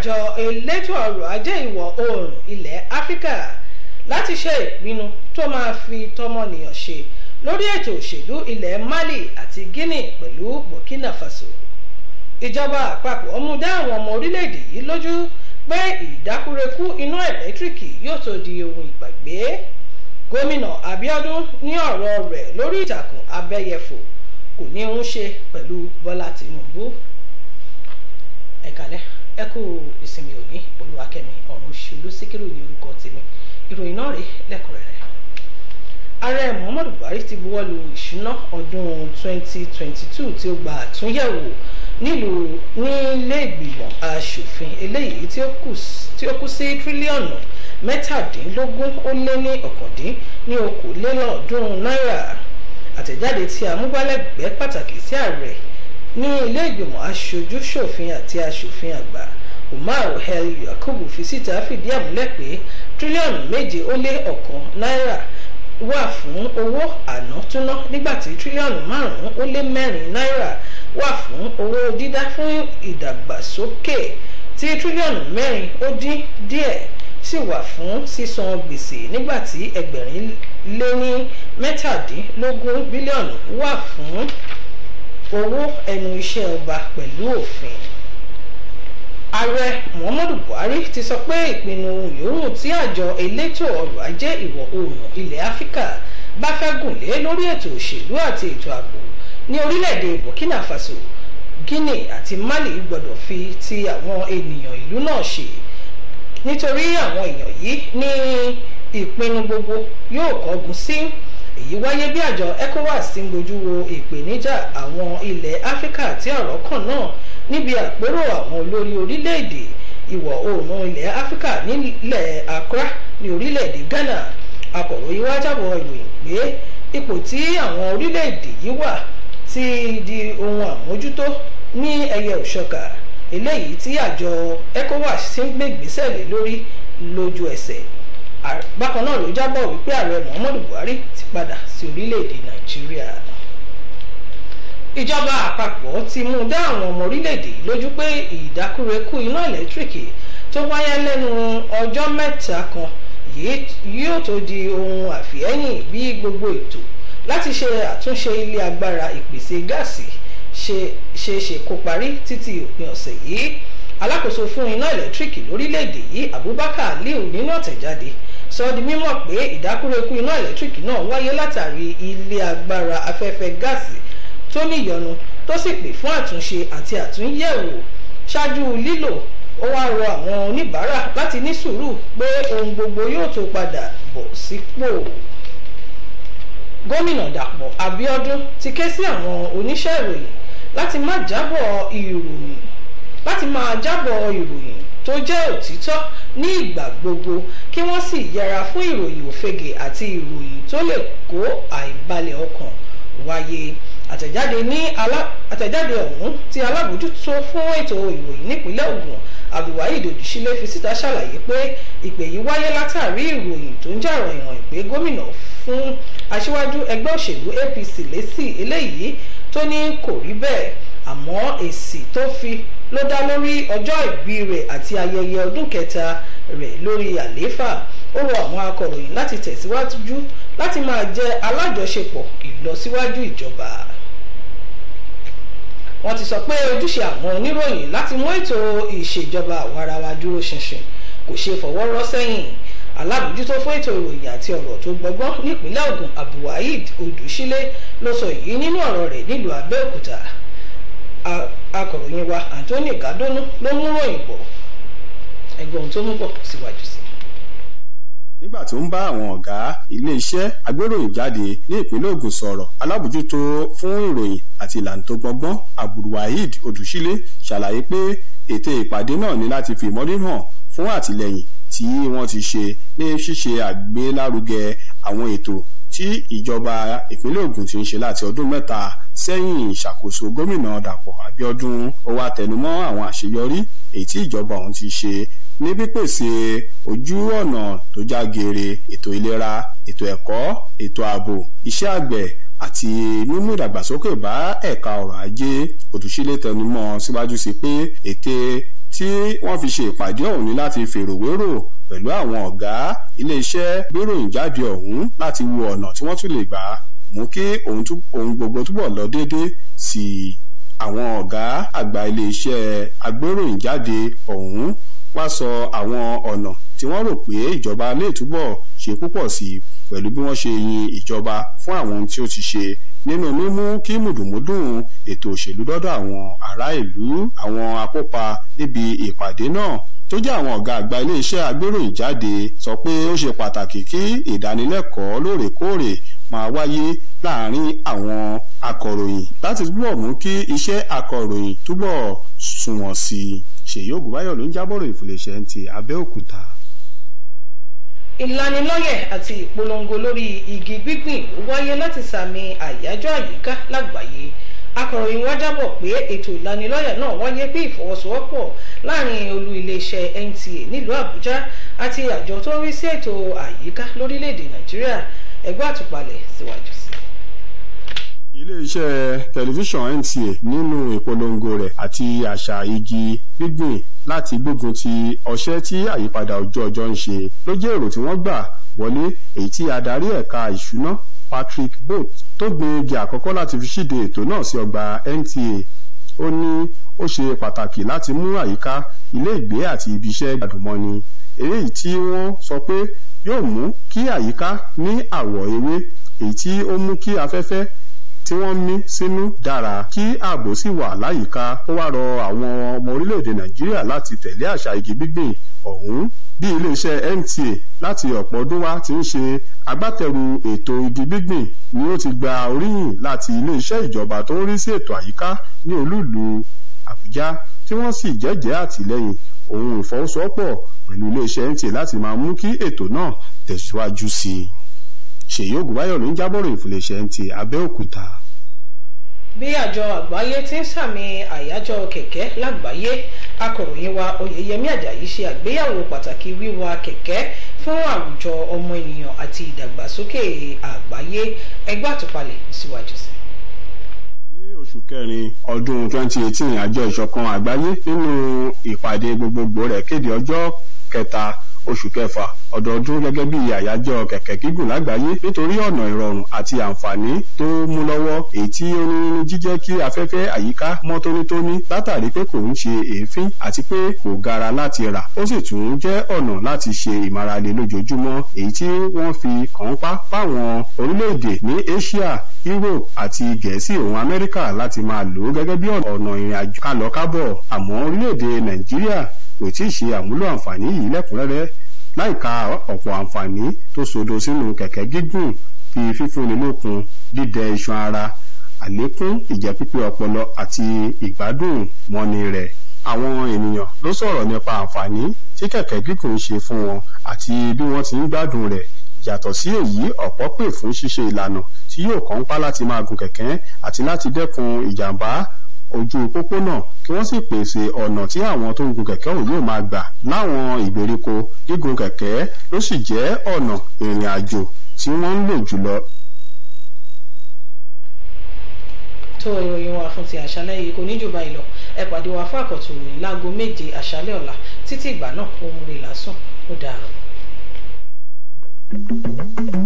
àjọ elétò ọrọ̀ ajé ìwọ̀ oòrùn ilẹ̀ áfíríkà láti ṣe ìpinnu tó máa fi tọmọnìyàn ṣe lórí ètò òṣèlú ilẹ̀ mali àti guinea pẹ̀lú burkina faso ìjọba àpapọ̀ mú dá àwọn ọmọ orílẹ̀-èdè yìí lójú pé ìdákúrekú iná ẹ̀lẹ́tíríkì yóò tó di ohun ìgbàgbé gómìnà abiodun ní ọ̀rọ̀ rẹ̀ lórí ìtàkùn abẹ́yẹfò kò ní í ń ṣe pẹ̀lú bọ́lá tinubu ẹ̀kálẹ́. E ẹ kú ìsinmi òní olúwakẹ́mi ọ̀run ṣolú síkírù ní orúkọ tèmi ìròyìn náà rèé lẹ́kùnrẹ́rẹ́ ààrẹ muhammadu buhari ti buwọ́ lu ìṣúná ọdún 2022 tí ó gba àtúnyẹ̀wò nílùú nílé ìgbìmọ̀ asòfin eléyìí tí ó kù sí tírílíọ̀nù mẹ́tàdínlógún ó lé ní ọ̀kàndín ní okòólélọ́ọ̀ọ́dúnrún náírà àtẹ̀jáde tí amúgbálẹ́gbẹ̀ẹ́ pàtàkì sí ààrẹ ní ilé ìgbìmọ̀ aṣojúṣòfin àti aṣòfin àgbà Umar Ohel Yakubu fi síta fìdí ẹ̀ múlẹ̀ pé tírílíọ̀nù méje ó lé ọ̀kan náírà wà fún owó àná túná nígbàtí tírílíọ̀nù márùn-ún ó lé mẹ́rin náírà wà fún owó dídá fún ìdàgbàsókè tí tírílíọ̀nù mẹ́rin ó dín díẹ̀ sì wà fún sísan gbèsè nígbàtí ẹgbẹ̀rin lé ní mẹ́tàdínlógún bílíọ̀nù wà fún owó ẹnu iṣẹ́ ọba pẹ̀lú òfin ààrẹ muhammadu buhari ti sọ pé ìpinnu ohun yòówù tí àjọ elétò ọrọ̀ ajé ìwọ̀ oòrùn ilẹ̀ áfíríkà bá fẹ́ gùn lé lórí ètò òṣèlú àti ètò ààbò ní orílẹ̀-èdè burkina faso guinea àti mali gbọ́dọ̀ fi ti àwọn ènìyàn ìlú náà ṣe nítorí àwọn èèyàn yìí ní ìpinnu gbogbo yóò kọ́gun sí. Si èyí wáyé bí àjọ ECOWAS ti ń gbójú wo ìpèníjà àwọn ilẹ̀ Áfíríkà tí ọ̀rọ̀ kàn náà níbi àpérò àwọn olórí orílẹ̀-èdè ìwọ̀ oòrùn ilẹ̀ Áfíríkà nílẹ̀ Accra ní orílẹ̀-èdè Ghana akọ̀ròyìn wá jábọ̀ ìròyìn pé ipò tí àwọn orílẹ̀-èdè yìí wà ti di ohun àmójútó ní ẹyẹ òṣọ̀kà eléyìí tí àjọ ECOWAS ti ń gbé ìgbésẹ̀ lé lórí lójú ẹsẹ̀ bákan náà ló jábọ̀ wípé ààrẹ Muhammadu Buhari padà sí orílẹ̀-èdè nàìjíríà ìjọba àpapọ̀ ti mú dá àwọn ọmọ orílẹ̀-èdè lójú pé ìdákúrekú iná ẹ̀lẹ́tíríkì tó wáyé lẹ́nu ọjọ́ mẹ́ta kan yóò tó di ohun àfihẹ́yìn bí gbogbo ètò láti ṣe àtúnṣe ilé agbára ìpèsè gáàsì ṣe ṣe kó parí títí òpin ọ̀sẹ̀ yìí alákòóso fún iná ẹ̀lẹ́tíríkì lórílẹ̀-èdè yìí Abubakar Aliu nínú àtẹ̀jáde sọ di mímọ̀ pé ìdákúrekú iná ẹ̀lẹ́tíríkì náà wáyé látàrí ilé agbára afẹ́fẹ́ gáàsì tó níyọnu tó sì pè fún àtúnṣe àti àtúnyẹ̀wò ṣáájú lílò ó wá rọ àwọn oníbàárà láti ní sùúrù pé ohun gbogbo yóò tó padà bọ̀ sípò. gómìnà Dàpọ̀ Abíọ́dún ti ké sí àwọn oníṣẹ́ ìròyìn láti má jábọ̀ ìròyìn láti máa jábọ̀ ìròyìn tó jẹ́ òtítọ́ ní ìgbà gbogbo kí wọ́n sì yẹra fún ìròyìn òfegè àti ìròyìn tó lè kó àìbalẹ̀ ọkàn wáyé àtẹ̀jáde ní àtẹ̀jáde ọ̀hún tí alábòójútó fún ètò ìròyìn nípínlẹ̀ Ògùn abdulwaheed òjúṣílẹ̀ fi síta ṣàlàyé pé ìpè yìí wáyé látàrí ìròyìn tó ń jà ròyìnròyìn ìpè gómìnà fún aṣíwájú ẹgbẹ́ òṣèlú APC lésì eléyìí tó ní kò rí bẹ́ẹ̀ àmọ́ èsì tó fi ló dá lórí ọjọ́ ìbí rẹ̀ àti ayẹyẹ ọdún kẹta rẹ̀ lórí àlééfà ó rọ àwọn akọ̀ròyìn láti tẹ̀síwájú láti máa jẹ́ alájọṣepọ̀ ìlọsíwájú ìjọba wọ́n ti sọ pé ojúṣe àwọn oníròyìn láti mú ètò ìṣèjọba àwarawa dúró ṣinṣin kò ṣe fọwọ́rọ́ sẹ́yìn alábòjútó fún ètò ìròyìn àti ọ̀rọ̀ tó gbọgbọ́n nípínlẹ̀ Ògùn Abdulwaheed Odùsílẹ̀ ló sọ èyí nínú ọ̀rọ̀ rẹ̀ nílùú Abẹ́òkúta akọ̀ròyìn wa Anthony Gadonu ló mú ròyìn bọ̀ ẹgbẹ́ ohun tó mú bọ̀ síwájú sí nígbà tó ń bá àwọn ọ̀gá ilé-iṣẹ́ agbéròyìn jáde ní ìpínlẹ̀ Ògùn sọ̀rọ̀ alábòjútó fún ìròyìn àti ìlànà tó gbọgbọ́n Abdulwaheed Odùsílẹ̀ ṣàlàyé pé ète ìpàdé náà ní láti fi ìmọ̀rí hàn fún àtìlẹ́yìn tí wọ́n ti ṣe ní ṣíṣe àgbélárugẹ àwọn ètò tí ìjọba ìpínlẹ̀ Ògùn ti ń ṣe láti ọdún mẹ́ta sẹ́yìn ìṣàkóso gómìnà Dàpọ̀ Abíọ́dún ó wá tẹnumọ́ àwọn àṣeyọrí èyí tí ìjọba ọ̀hún ti ṣe ní pípèsè ojú ọ̀nà tó já geere ètò ìlera ètò ẹ̀kọ́ ètò ààbò iṣẹ́ àgbẹ̀ àti mímú ìdàgbàsókè bá ẹ̀ka ọrọ̀ ajé òtúnṣílẹ̀ tẹnumọ́ síwájú sí pé ète tí wọ́n fi ṣe ìpàdé ọ̀hún ni láti fèròwérò pẹ̀lú àwọn ọ̀gá ilé iṣẹ́ gbéròyìn jáde ọ̀hún láti wo ọ̀nà tí wọ́n tún lè gbà mú kí ohun gbogbo túbọ̀ lọ déédé sí i àwọn ọ̀gá àgbà iléeṣẹ́ agbéròyìnjáde ọ̀hún wá sọ àwọn ọ̀nà tí wọ́n rò pé ìjọba lè túbọ̀ ṣe púpọ̀ sí i pẹ̀lú bí wọ́n ṣe yin ìjọba fún àwọn ohun tí ó ti ṣe nínú mímú kí mùdùmúdùn ètò òṣèlú dọ́dọ̀ àwọn ará ìlú àwọn akópa níbi ìpàdé náà tó jẹ́ àwọn ọ̀gá àgbà iléeṣẹ́ agbéròyìnjáde sọ pé ó ṣe pàtàkì kí ìdánilẹ́kọ̀ọ́ lóòrèkóòrè máa wáyé láàárín àwọn akọ̀ròyìn láti túbọ̀ mú kí iṣẹ́ akọ̀ròyìn túbọ̀ sunwọ̀n sí i ṣèyí ògùnbáyọ̀ ló ń jábọ̀rọ̀ ìfòlèṣẹ́ ti abẹ́òkúta ìlanilọ́yẹ̀ àti ìpolongo lórí igi gbígbìn wáyé láti sàmì àyájọ́ àyíká lágbàáyé akọ̀ròyìn wa jábọ̀ pé ètò ìlanilọ́yẹ̀ náà wáyé bí ìfọwọ́sowọ́pọ̀ láàrin olú iléeṣẹ́ NTA nílùú Àbújá àti àjọ tó ń rí sí ètò àyíká lórílẹ̀ Nàìjíríà ẹgbẹ́ àtúpalẹ̀ síwájú sí i iléeṣẹ́ tẹlifíṣàn NTA nínú ìpolongo rẹ̀ àti àṣà igi gbígbìn láti gbógun ti ọṣẹ́ tí àyípadà ojú ọjọ́ ń ṣe ló jẹ́ èrò tí wọ́n gbà wọlé èyí tí adarí ẹ̀ka ìṣúná Patrick Boat tó gbin igi àkọ́kọ́ láti fi ṣíde ètò náà sí ọgbà NTA ó ní ó ṣe pàtàkì láti mú àyíká ilé ìgbé àti ibiṣẹ́ gbàdúmọ́ni eléyìí tí wọ́n sọ pé yóò mú kí àyíká ní àwọ̀ ewé èyí tí ó mú kí afẹ́fẹ́ tí wọ́n mí sínú dára kí ààbò sì wà láyìíká ó wá rọ àwọn ọmọ orílẹ̀-èdè nàìjíríà láti tẹ̀lé àṣà igi gbígbìn ọ̀hún bí iléeṣẹ́ NTA láti ọ̀pọ̀ ọdún wá ti ń ṣe agbátẹrù ètò igi gbígbìn ni ó ti gba oríyìn láti iléeṣẹ́ ìjọba tó ń rí sí ètò àyíká ní olúìlú Àbújá tí wọ́n sì jẹ́jẹ́ àtìlẹ́yìn òun ìfọwọ́sowọ́pọ̀ pẹ̀lú iléeṣẹ́ NTA láti máa mú kí ètò náà tẹ̀síwájú sí i ṣèyí ògùnbáyọ̀ ló ń jábọ̀ròyìn fún iléeṣẹ́ NTA Abẹ́òkúta. bí àjọ àgbáyé ti ń sàmì àyájọ́ kẹ̀kẹ́ lágbàáyé akọ̀ròyìn wa Oyèyẹmí Àjàyí ṣe àgbéyàwó pàtàkì wíwa kẹ̀kẹ́ fún àwùjọ ọmọ ènìyàn àti ìdàgbàsókè àgbáyé ẹgbẹ́ àtúpalẹ̀ síwájú sí oṣù kẹrin ọdún 2018 àjọ ìṣọ̀kan àgbáyé nínú ìpàdé gbogbogbò rẹ̀ kéde ọjọ́ kẹta oṣù kẹfà ọdọọdún gẹ́gẹ́ bí àyájọ́ kẹ̀kẹ́ gígùn lágbàáyé nítorí ọ̀nà ìrọ̀rùn àti àǹfààní tó mú lọ́wọ́ èyí tí ó ní nínú jíjẹ́ kí afẹ́fẹ́ àyíká mọ́ tónítóní látàrí pé kò ń ṣe èéfín àti pé kò gara láti rà ó sì tún jẹ́ ọ̀nà láti ṣe ìmárale lójoojúmọ́ èyí tí wọ́n fi kànpá fáwọn orílẹ̀-èdè ní Asia Europe àti Gẹ̀ẹ́sì òun Amẹ́ríkà láti máa lò ó gẹ́gẹ́ bí ọ̀nà ìrìnàjò kálọ̀kábọ̀ àmọ́ orílẹ̀ Nàìjíríà kò tí ì ṣe àmúlò àǹfààní yìí lẹ́kùnrẹ́rẹ́ láìka ọ̀pọ̀ àǹfààní tó sodo sínú kẹ̀kẹ́ gígùn bíi fífúnni lókun dídẹ iṣan ara àlékún ìjẹ́pípé ọpọlọ àti ìgbádùn mọ́ni rẹ̀ àwọn ènìyàn ló sọ̀rọ̀ nípa àǹfààní tí kẹ̀kẹ́ gígùn ṣe fún wọn àti bí wọ́n ti ń gbádùn rẹ̀ yàtọ̀ sí èyí ọ̀pọ̀ pè fún ṣíṣe ìlànà tí yóò kàn ń pa láti máa gun kẹ̀kẹ́ àti láti dẹ́kun ìjàmbá ojú pópónà kí wọ́n sì pèsè ọ̀nà tí àwọn tó ń gun kẹ̀kẹ́ òun yóò máa gbà láwọn ìgbèríko gígun kẹ̀kẹ́ ló sì jẹ́ ọ̀nà ìrìn àjò tí wọ́n ń lò jùlọ. tó ìròyìn wa fún ti àṣálẹ́ yìí kò ní jù báyìí lọ ẹ pàdé wa fún àkọ́tún òní láago méje àṣálẹ́ ọ̀la títí ìgbà náà ó múre lásán ó dàárọ̀. thank you